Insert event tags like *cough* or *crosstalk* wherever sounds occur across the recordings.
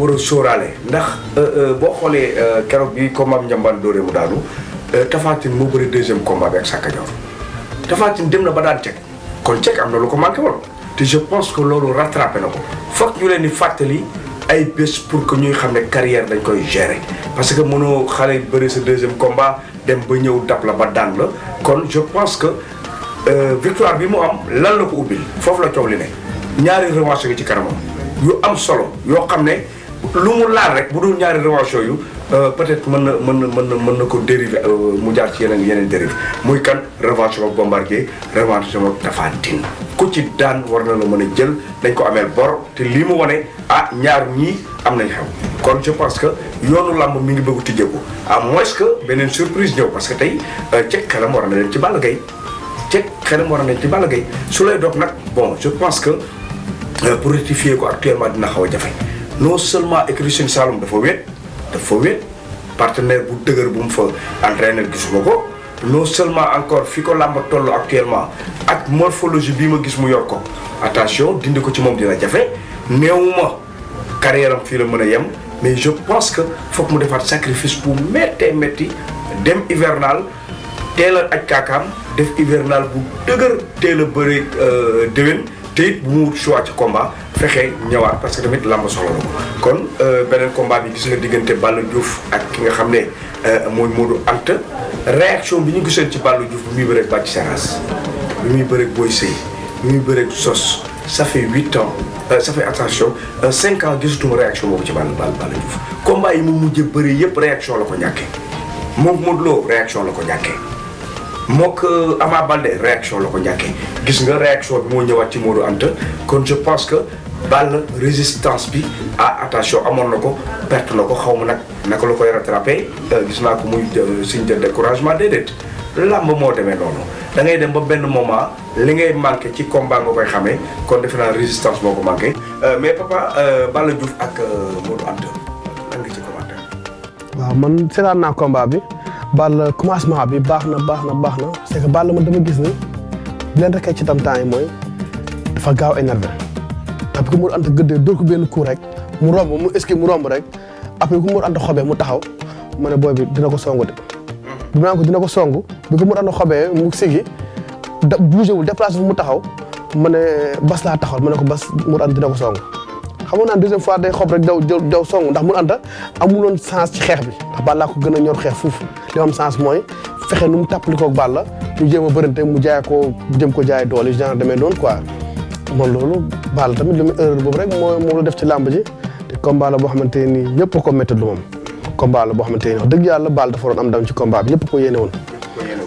war a sóoraale ndax euh, euh, boo xoolee euh, keroog bi combat njambaan dóoree mu daanu Tapha Tine moo bëri deuxième combat bi ak Sakka Dior Tapha dem na ba daan cek kon cek am na lu ko manqué woon te je pense que loolu rattrapé na ko foog ñu leen di fàttali ay bés pour que ñuy xam ne carrière dañ koy gérer parce que mënoo xale bëri sa deuxième combat dem ba ñëw dab la ba daan la kon je pense que victoire bi mu am lan la ko ubbil foofu la coow li ne ñaari revanche gi ci kanamam yu am solo yoo xam ne lu mu laal rek bu dul ñaari revanche yooyu euh, peut-être mën na mën na mën na mën na ko dérivé euh, mu jaar ci yeneen yeneen dérive muy kan revanche moom Bombardier revanche moom Tapha ku ci daan war na la mën a jël dañ ko amee bor te lii mu wane ah ñaar ñii am nañ xew kon je pense que yoonu làmb mi ngi bëggu bëgg tijjeeku à moins que beneen surprise ñëw parce que tey euh, ceg xelam war na leen ci Balla Gaye ceg xelam war na leen ci Balla Gaye su lay doog nag bon je pense que pour rectifier ko actuellement dina xaw a jafe non seulement écurie Sine Saloum dafa wéet dafa wéet partenaire bu dëgër bu mu fa entraîneur gisuma ko non seulement encore fi ko làmb toll actuellement ak morphologie bii ma gis mu yor attention dindi ko ci moom dina jafe néewuma carrière am fii la mën a yem mais je pense que foog mu defaat sacrifice bu méttee métti dem hivernal teel a aj kaakaam def hivernal bu dëgër teel a bëri euh, déwén te it bu mu wut choix combat fexe ñëwaat parce que tamit làmb soxla na kon euh, beneen combat bi gis nga diggante Balla Diouf ak ki nga xam ne euh, mooy Modou Anta réaction bi ñu gisoon ci Balla Diouf bi muy bëreeg Bathie Seras bi muy bëreeg Boy Sey bi muy bëreeg Sos ça fait huit ans euh, ça fait attention cinq ans gisatuma réaction boobu ci Balla Balla Balla Diouf combat yi mu mujjee bëri yëpp réaction la ko ñàkkee moom Modou Lo réaction la ko ñàkkee. mook euh, Ama Baldé réaction la ko njàkkee gis nga réaction bi moo ñëwaat ci Modou Anta kon je pense que Balla résistance bi ah attention amoon na ko perte na ko xaw ma nag naka la koy rattrapé euh, gis naa ko muy euh, signe de découragement déedéet làmb moo demee noonu da dem ba benn moment li ngay manqué ci combat nga koy xamee kon defe naa résistance moo ko manqué mais papa Balla ak Modou Anta lan nga bi. Balla commencement bi baax na baax na baax na c'est que Balla man dama gis ni bi leen rekkee ci tam temps yi mooy dafa gaaw énervé parce que Mour Anta gëddee dóor ko benn coup rek mu romb mu est mu romb rek après ku Mour Anta xobee mu taxaw ma ne booy dina ko songu de. bi ma ko dina ko songu bi ko Mour Anta xobee mu sigi da bougé wul déplacé fu mu taxaw ma ne bas laa taxaw ma ne ko bas Mour Anta dina ko songu. xam xamoon naa deuxième fois day xob rek daw daw song ndax mun anta amuloon sens ci xeex bi ndax Balla ko gën a ñor xeex foofu li am sens mooy fexe nu mu tapp lu koog Balla ñu jéem a bërante mu jaay ko jëm ko jaay doole genre demee noonu quoi moom loolu Balla tamit lu mu erreur boobu rek moo moom la def ci làmb ji te combat la boo xamante ni ñëpp ko métti lu moom combat la boo xamante ni dëgg yàlla Balla dafa doon am dam ci combat bi ñëpp ko yéene woon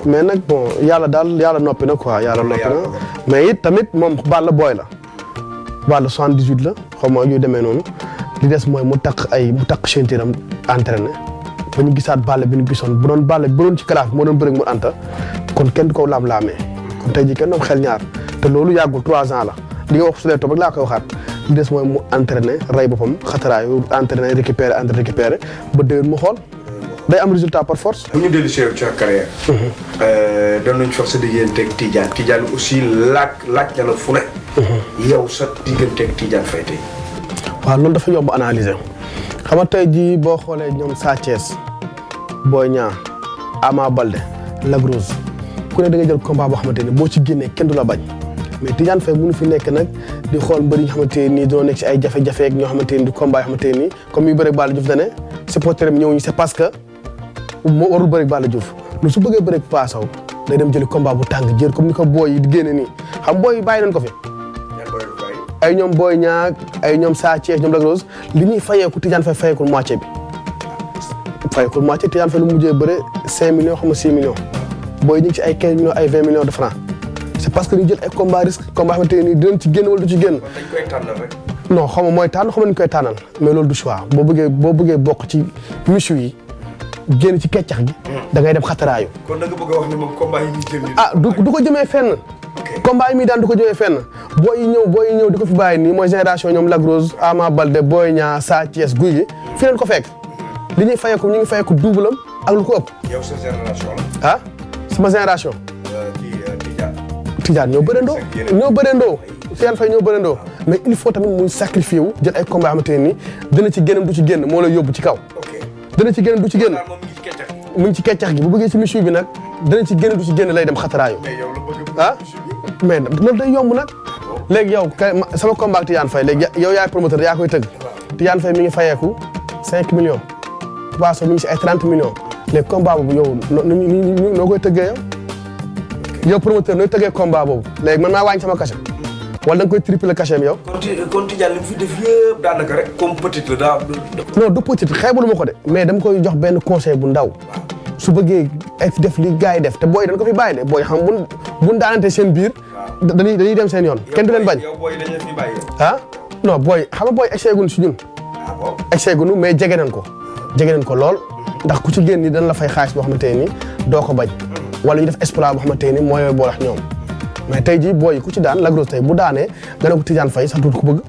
mais nag bon yàlla daal yàlla noppi na quoi yàlla noppi na mais it tamit moom Balla booy la waa wàllu 78 la xaw ma yu demee noonu li des mooy mu takk ay mu takk ceinture am entraîné ba ñu gisaat bàll bi ñu gisoon bu doon bàll bu doon ci kalaaf moo doon bëri mu anta kon kenn ko laam-laamee kon tey jii kenn doom ñaar te loolu yàggul 3 ans la li nga wax su dee toog rek laa koy waxaat li des mooy mu entraîné rey boppam xataraayu entraîné récupéré entraîné récupéré ba déwén mu xool day am résultat par force. bu ñu dellu si sa carrière. Mhm. Euh, doon nañu force di yéen teg Tidiane Tidiane aussi laaj laaj na fule yow sa digganteeg Tidiane Faye tey. waaw loolu dafa yomb analyser xam nga tey jii boo xoolee ñoom Sa cees boo ñaa Ama Balde Lac Rose ku ne da nga jël combat boo xamante ni boo ci génnee kenn du la bañ mais Tidiane Faye fi nekk nag di xool mbër yi nga xamante nii doo nekk si ay jafe ñoo xamante ni di combat yoo xamante comme yu bëri Balla Diouf dane supporter am ñëw ñu c'est parce que moo warul bëri Balla Diouf lu su bëggee bëri Paa Sow day dem bu tàng jër comme ni ko booy yi di génne booy bàyyi nañ ko fi ay ñoom Boy Niang ay ñoom Sa Thiès ñoom Lac li ñuy fayeeku Tidiane Faye fayekul moitié bi fayekul moitié Tidiane Faye lu mu mujjee bëre 5 millions xam nga 6 millions booy ñu ci ay 15 ay 20 de francs c' parce que ñu jël ay combat risque combat xamante ne nii mooy tànn xaw ma ñu koy tànnal mais loolu du choix boo bëggee boo bokk ci michu yi génn ci keccax gi. Hmm. da ngay dem xataraayu. ah du ko jëmee combat yi mii daan du ko jógee fenn booy boo ñëw booy ñëw di ko fi bàyyi nii mooy génération ñoom Lac Rose Ama Balde Boy Niang Sa Thiès Gouye Gui fi ko fekk li ñuy fayeeku ñu ngi fayeeku double ko ëpp. yow sa génération la. ah sama génération. Euh, euh, Tidiane. Tidiane ñoo bërendoo ñoo bërendoo Tidiane Faye ñoo mais il faut tamit mu sacrifié wu jël ay combat xamante ne nii dina ci génn du ci génn moo lay yóbbu ci kaw. dana ci génn du ci génn mu ngi ci keccax gi bu bëggee ci michu bi nag dana ci génn du ci génn lay dem xataraayu mais loolu day yomb nag léegi yow sama combat ak Tidiane Faye léegi yow yaay promoteur yaa koy tëgg Tidiane Faye mi ngi fayeeku cinq millions Papa Sow mi si ay trente millions léegi combat boobu yow noo koy tëggee yow yow promoteur nooy tëggee combat boobu léegi man maa waañ sama cachet wala da nga koy triple cachet bi yow kon Tidiane li mu fi def yëpp ma ko de mais dama koy jox benn conseil bu ndaw su bëggee def li gars yi def te booy dañ ko fi bàyyi de booy xam bu buñ daanante seen biir. dañuy dañuy dem seen yoon. kenn du leen bañ yow booy dañu ah non booy xam booy egsee si ñun. Ah, egsee mais jege nañ ko. jege nañ ko lool ndax ku ci génn ni dañ la fay xaalis boo xamante ne nii doo ko bañ. Mm. wala ñu def exploit boo xamante ne nii mooy boo tax ñoom. mais tey jii booy ku ci daan Lac Rose tey bu daanee nga ne ko Tidiane fay sax dootu ko bëgg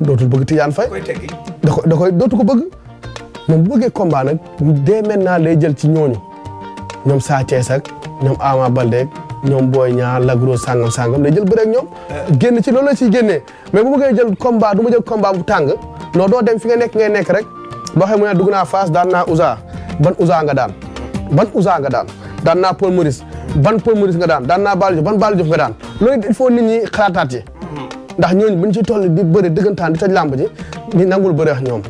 dootul bëgg Tidiane da koy dootu ko bëgg. moom bu bëggee combat nag dès maintenant lay jël ci ñooñu ñoom Sa Thiès ak ñoom Ama Baldé ñoom booy ñaar lagros sangam sangam day jël bëreeg ñoom. Eh. génn ci loolu la ciy génnee mais bu ma koy jël combat du ma jël combat bu tàng non doo dem fi nga nekk ngay nekk rek boo xam ne dugg naa Fass daan naa Ousa ban Ousa nga daan ban Ousa nga daan daan naa Paul Maurice ban Paul Maurice nga daan daan naa Baalu Diouf ban Baalu Diouf nga daan loolu il faut ni ñi xalaataat ci hmm. ndax ñooñu ñu ci toll di dëgg dëggantaan di taj làmb ji ni nangul bëre ak ñoom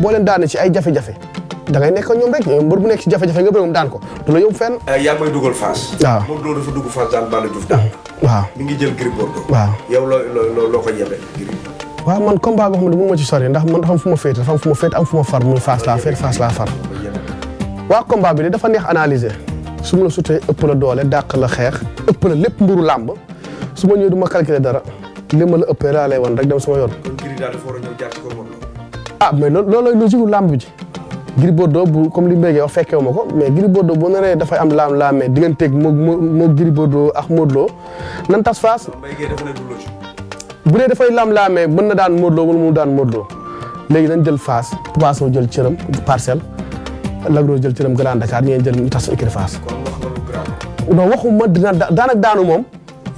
boo leen daane ci ay jafe da ngay nekk ñoom rek mbër bu nekk ci jafe-jafe nga bëri moom daan ko du la yóbbu fenn. Eh, yaa ngi may dugal Fass. waaw moom loolu dafa dugg waaw mi ngi jël waaw yow loo loo loo waaw man combat boo xam ne bu ma ci sori ndax man dafa am fu ma féete dafa am fu ma féete am fu ma far muy Fass laa féete Fass laa far. waaw combat bi de dafa neex analyser su ma la sutee ëpp la doole dàq la xeex ëpp la lépp mburu làmb su ma ñëwee du ma calculer dara li ma la ëppee laa lay wan rek dem sama yoon. ah mais loolu loolu loolu ci làmb ji Gris Bordeaux bu comme li Mbengue wax fekkewu ma ko mais Gris Bordeaux boo naree dafay am laam laam mais digganteeg moo moo Gris Bordeaux ak Modou Lo nan tas faas. bu dee dafay laam laam mais mën na daan Modou Lo mu daan Modou léegi nañ jël faas Papa Sow jël cëram parcelle Lac Rose jël cëram Grand Dakar ñu jël tas écurie Fass. non waxuma dina daanaka daanu moom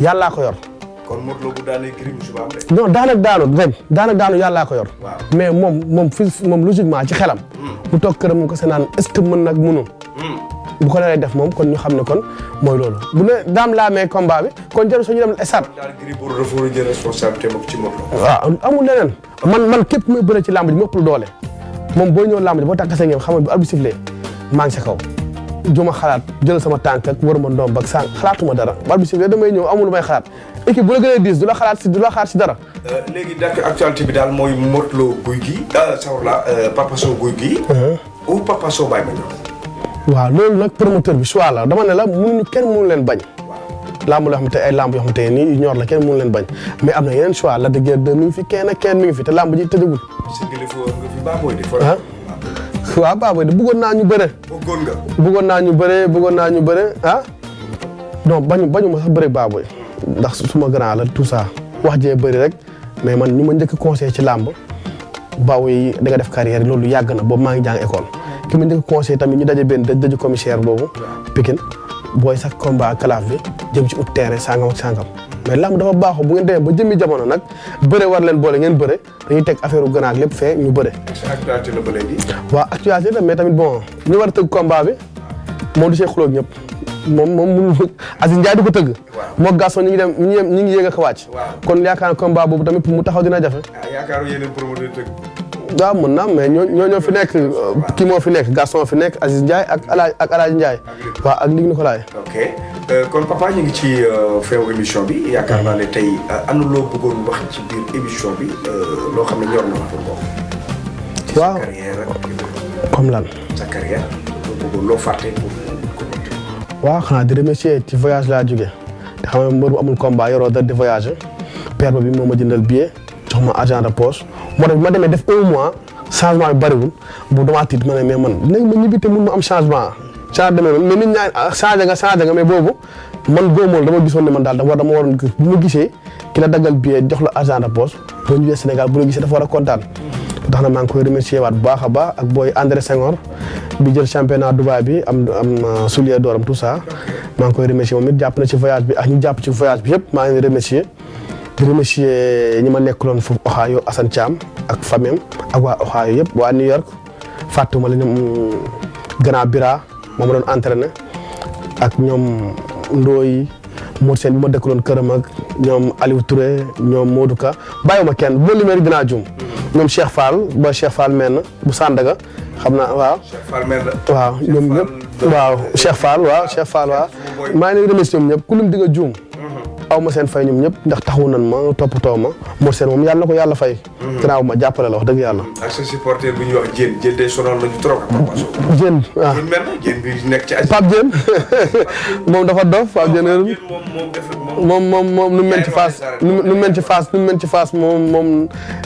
yàllaa ko yor. kon Modou Lo bu daanee Gris Bordeaux ba am de. non daanak daanu rek daanak daanu yàllaa ko yor. mais moom moom fii moom logiquement ci xelam. bu hmm. toog këram mu ko se naan est-ce que mën nag mënul. Hmm. bu ko naree def moom kon ñu xam ne kon mooy loolu bu ne daam laamee combat bi kon jarul soo ñu dem esat. daal Gris Bordeaux dafa war a jël ci Modou Lo. waaw amul leneen. man man képp muy ci làmb ji mu ëpp doole moom boo ñëw làmb ji boo tàkkasee ngeen xam ne bu arbitre bi sifflee maa ngi sa kaw. juma xalaat jël sama tànk ak wër ma ndoom bak sànq xalaatuma dara bal bi si damay ñëw amul may xalaat équipe bu la gën a diis du la xalaat si du xaar si dara euh, léegi dakk actualité bi daal mooy Modou Lo guy gi sawrla Papa Sow guy gi uh-huh. ou Papa Sow Baye Mandione waaw loolu nag promoteur bi choix la dama ne la mënuñu kenn mënu leen bañ lamb loo xamante ay lamb yoo xamante ni ñor la kenn mun leen bañ mais am na yeneen choix la de guerre de mi fi kenn ak kenn mi ngi fi te lamb ji tëjagul waaw Baba de bëggoon naa ñu bëre. bëggoon nga. bëggoon naa ñu bëre bëggoon naa ñu bëre ah. non bañu bañu ma sax bëre Baba ndax suma grand la tout ça wax jee bëri rek mais man ñu ma njëkk conseil ci làmb baaw yi da nga def carrière loolu yàgg na boobu maa ngi jàng école ki ma njëkk conseil tamit ñu daje benn daj daju commissaire boobu Pikine booy sax combat calaf bi jëm ci ut terrain sangam ak sangam mais lamb dafa baaxoo bu ngeen demee ba jëmmi jamono nag bëre war leen boole ngeen bëre dañuy teg affaire u ganaar lépp fee ñu bëre. actualité waaw actualité la mais tamit bon ñu war a tëgg combat bi moom du see xulóog ñëpp moom moom mënul *laughs* Aziz Ndiaye du ko tëgg. moo Gaston ñu ngi dem ñu ngi yéeg ak wàcc. kon yaakaar combat boobu tamit pour mu taxaw dina jafe. ah waaw mun na mais ñoo ñoo ñoo fi nekk kii moo fi nekk Gaston fi nekk Aziz Ndiaye ak Alaaj ak Alaaj Ndiaye waaw ak Ligue Nicolas ok euh, kon ñu ngi ci euh, feew émission bi yaakaar naa ne tey euh, am na loo émission bi loo xam ne na waaw loo bëggoon loo fàtte waaw xanaa di remercier ci voyage laa jóge te xam ne mbër bu amul combat yoroo dara di voyage bi moo ma jëndal billet jox ma argent de poche moo tax ma demee def un mois changement bi bëriwul bu damaa tiit ma man léegi ma ñibbi te mun ma am changement. saa demee mais nit ñaa ah, changé nga changé nga mais boobu man góomoon dama gisoon ne man daal dafa war dama waroon gis bu ma gisee ki la daggal billet jox la argent a poche boo ñëwee Sénégal bu la gisee dafa war a kontaan. tax na maa ngi koy remercier waat bu baax a baax ak booy André Senghor bi jël championnat Dubaï bi am am ah, soulier d'or am tout ça maa ngi koy remercier moom it jàpp na ci voyage bi ak ñu jàpp ci voyage yëpp maa ngi remercier di remercier ñi ma nekkaloon foofu Ohio Assane Thiam ak famem ak waa Ohio yëpp waa New York fàttuma la ñoom Gana Bira moo ma doon entraîné ak ñoom Ndoye Mor Sène bi ma dëkkaloon këram ak ñoom Aliou Touré ñoom Modou Ka bàyyiwuma kenn bu limee dinaa juum ñoom Cheikh Fall ba Cheikh Fall meen bu Sandaga xam naa waaw. Cheikh Fall meen waaw ñoom ñëpp waaw Cheikh Fall waaw Cheikh Fall waaw maa ngi leen ñoom ñëpp ku lim juum. aw ma seen fay ñoom ñëpp ndax taxawu nan ma toppatoo ma moo Sène moom yàlla na ko yàlla fay. Mm-hmm. gannaaw ma jàppale la wax dëgg yàlla. ak sa supporter bu ñuy wax Diène Diène day nekk ci. Pape Diène *laughs* moom dafa dof Pape Diène moom moom moom moom mu mel ci face nu mu mel ci face nu mu mel ci face moom moom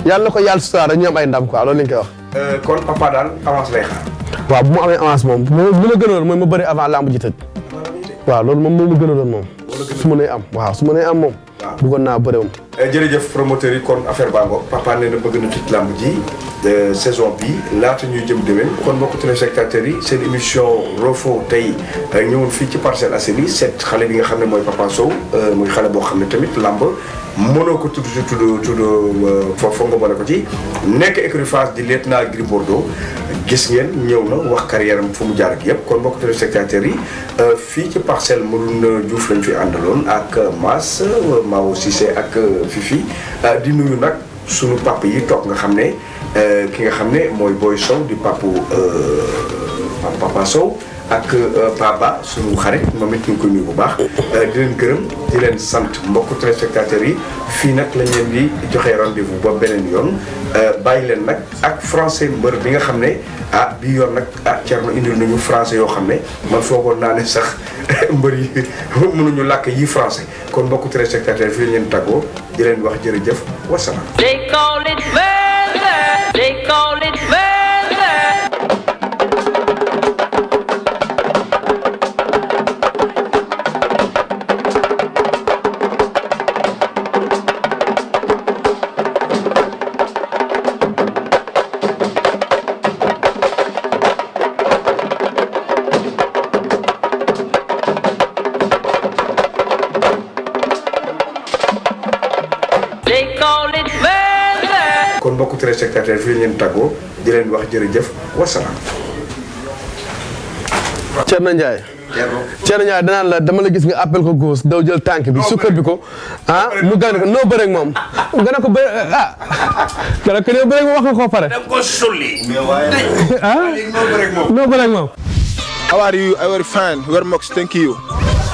yàlla na ko yàlla sutura rek ñu am ay ndam quoi loolu lañ koy wax. Euh, kon papa daal waaw bu ma amee avance moom li ma gënaloon ma bëri avant lamb ji tëj. waaw loolu moom moo ma gënaloon moom. su ma nee am waaw su ma nee am moom. bëggoon naa bëre woon Eh, jërëjëf promoteur yi kon affaire bango papa nee na bëgg na tëj làmb ji eh, saison bi laata ñuy jëm déwén kon mbokk téléspectateurs yi seen émission Roffo tey eh, ñëwoon fii ci Parcelles Assainies set xale bi nga xam ne mooy Papa Sow muy xale boo xam ne tamit làmb mënoo ko tudd tudd foofu nga boole ko ci nekk écurie Fass di naa Gris Bordeaux gis ngeen ñëw na wax carrière am fu mu jaar ak yëpp kon mbokk téléspectateurs yi fii ci parcelle Madoune Diouf lañ fi àndaloon ak Mass Mao Cissé ak fii Fifi euh, di nuyu nag suñu papa yi toog nga xam ne euh, ki nga xam ne mooy booy Sow di papu euh, papa Sow ak Paba suñu xarit moom it ñu ngi koy nuyu bu baax di leen gërëm di leen sant mbokku téléspectateurs yi fii nag lañ leen di joxe rendez-vous ba beneen yoon bàyyi leen nag ak français mbër bi nga xam ne ah bi yoon nag ah Thierno indil nañu français yoo xam ne man foogoon naa ne sax *laughs* mbër yi *laughs* ñu làkk yi français kon mbokku téléspectateurs yi fii lañ leen tàggoo di leen wax jërëjëf wasalaam. jërëjëf wasalaam. Thierno Ndiaye. Thierno danaan la dama la gis nga appel ko góos daw jël tànk bi sukkal bi ko ah, mu gane ko noo bëreeg moom gane ko bëre ah ko noo bëreeg moom ko sulli. *laughs* Ah? noo bëreeg moom. How are you? I very fine. Very much. Thank you.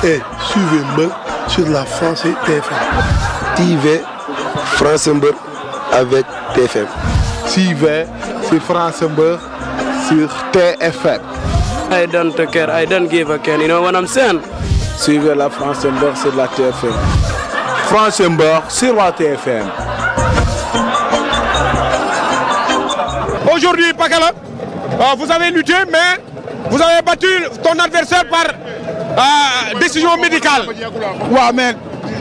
Et eh, suivez Mbeur sur la France TFM. TV France Mbeur avec TFM. suivez sur France Mbeur sur TFM. I don't care, I don't give a care, you know what I'm saying? Suivez la France Mbeur sur la TFM. France Mbeur sur la TFM. Aujourd'hui, Pakala, euh, vous avez lutté, mais vous avez battu ton adversaire par euh, décision médicale. Ouais, mais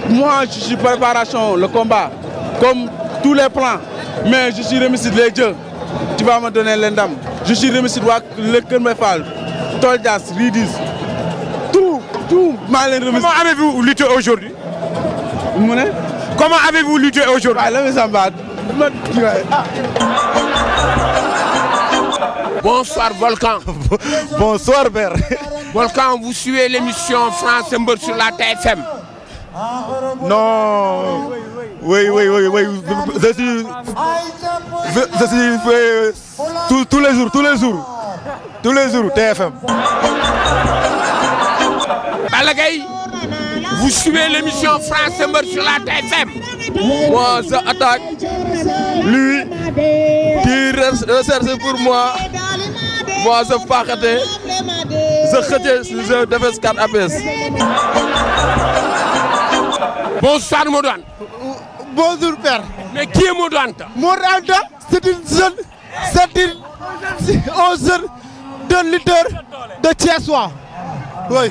moi, je suis préparation, le combat, comme tous les plans. mais je suis remercie les dieux tu vas me donner le ndam je suis Ridis tout tout maa comment avez-vous lutté aujourd'hui mu ne. comment avez-vous lutté aujourd'hui ah, ah. Bonsoir Volcan. *laughs* Bonsoir Ber. *laughs* Volcan, vous suivez l'émission France Mbeur la TFM. Oui, oui, oui, oui. Euh, tous les jours, tous les jours. Tous les jours, TFM. Balla Gaye, vous suivez l'émission France Summer sur la TFM. Moi, ça attaque. Lui, qui recherche pour moi. Moi, je partais. Je fais je devais 4 APS. Bonsoir, Modouane. bonjour père. mais qui est Modou Anta. Modou Anta c'est une jeune c'est une un jeune de lutteur de Thiessois oui.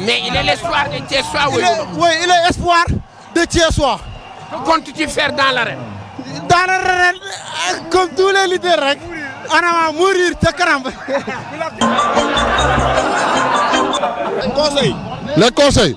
mais il est l'espoir de Thiessois. oui oui il est espoir de Thiessois. que comptes-tu faire dans l'arène. dans l'arène comme tous les lutteurs rek. anama mourir le conseil.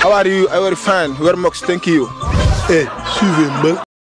How are you? Are you fine? Very much, thank you. Hey, eh, suivez-moi.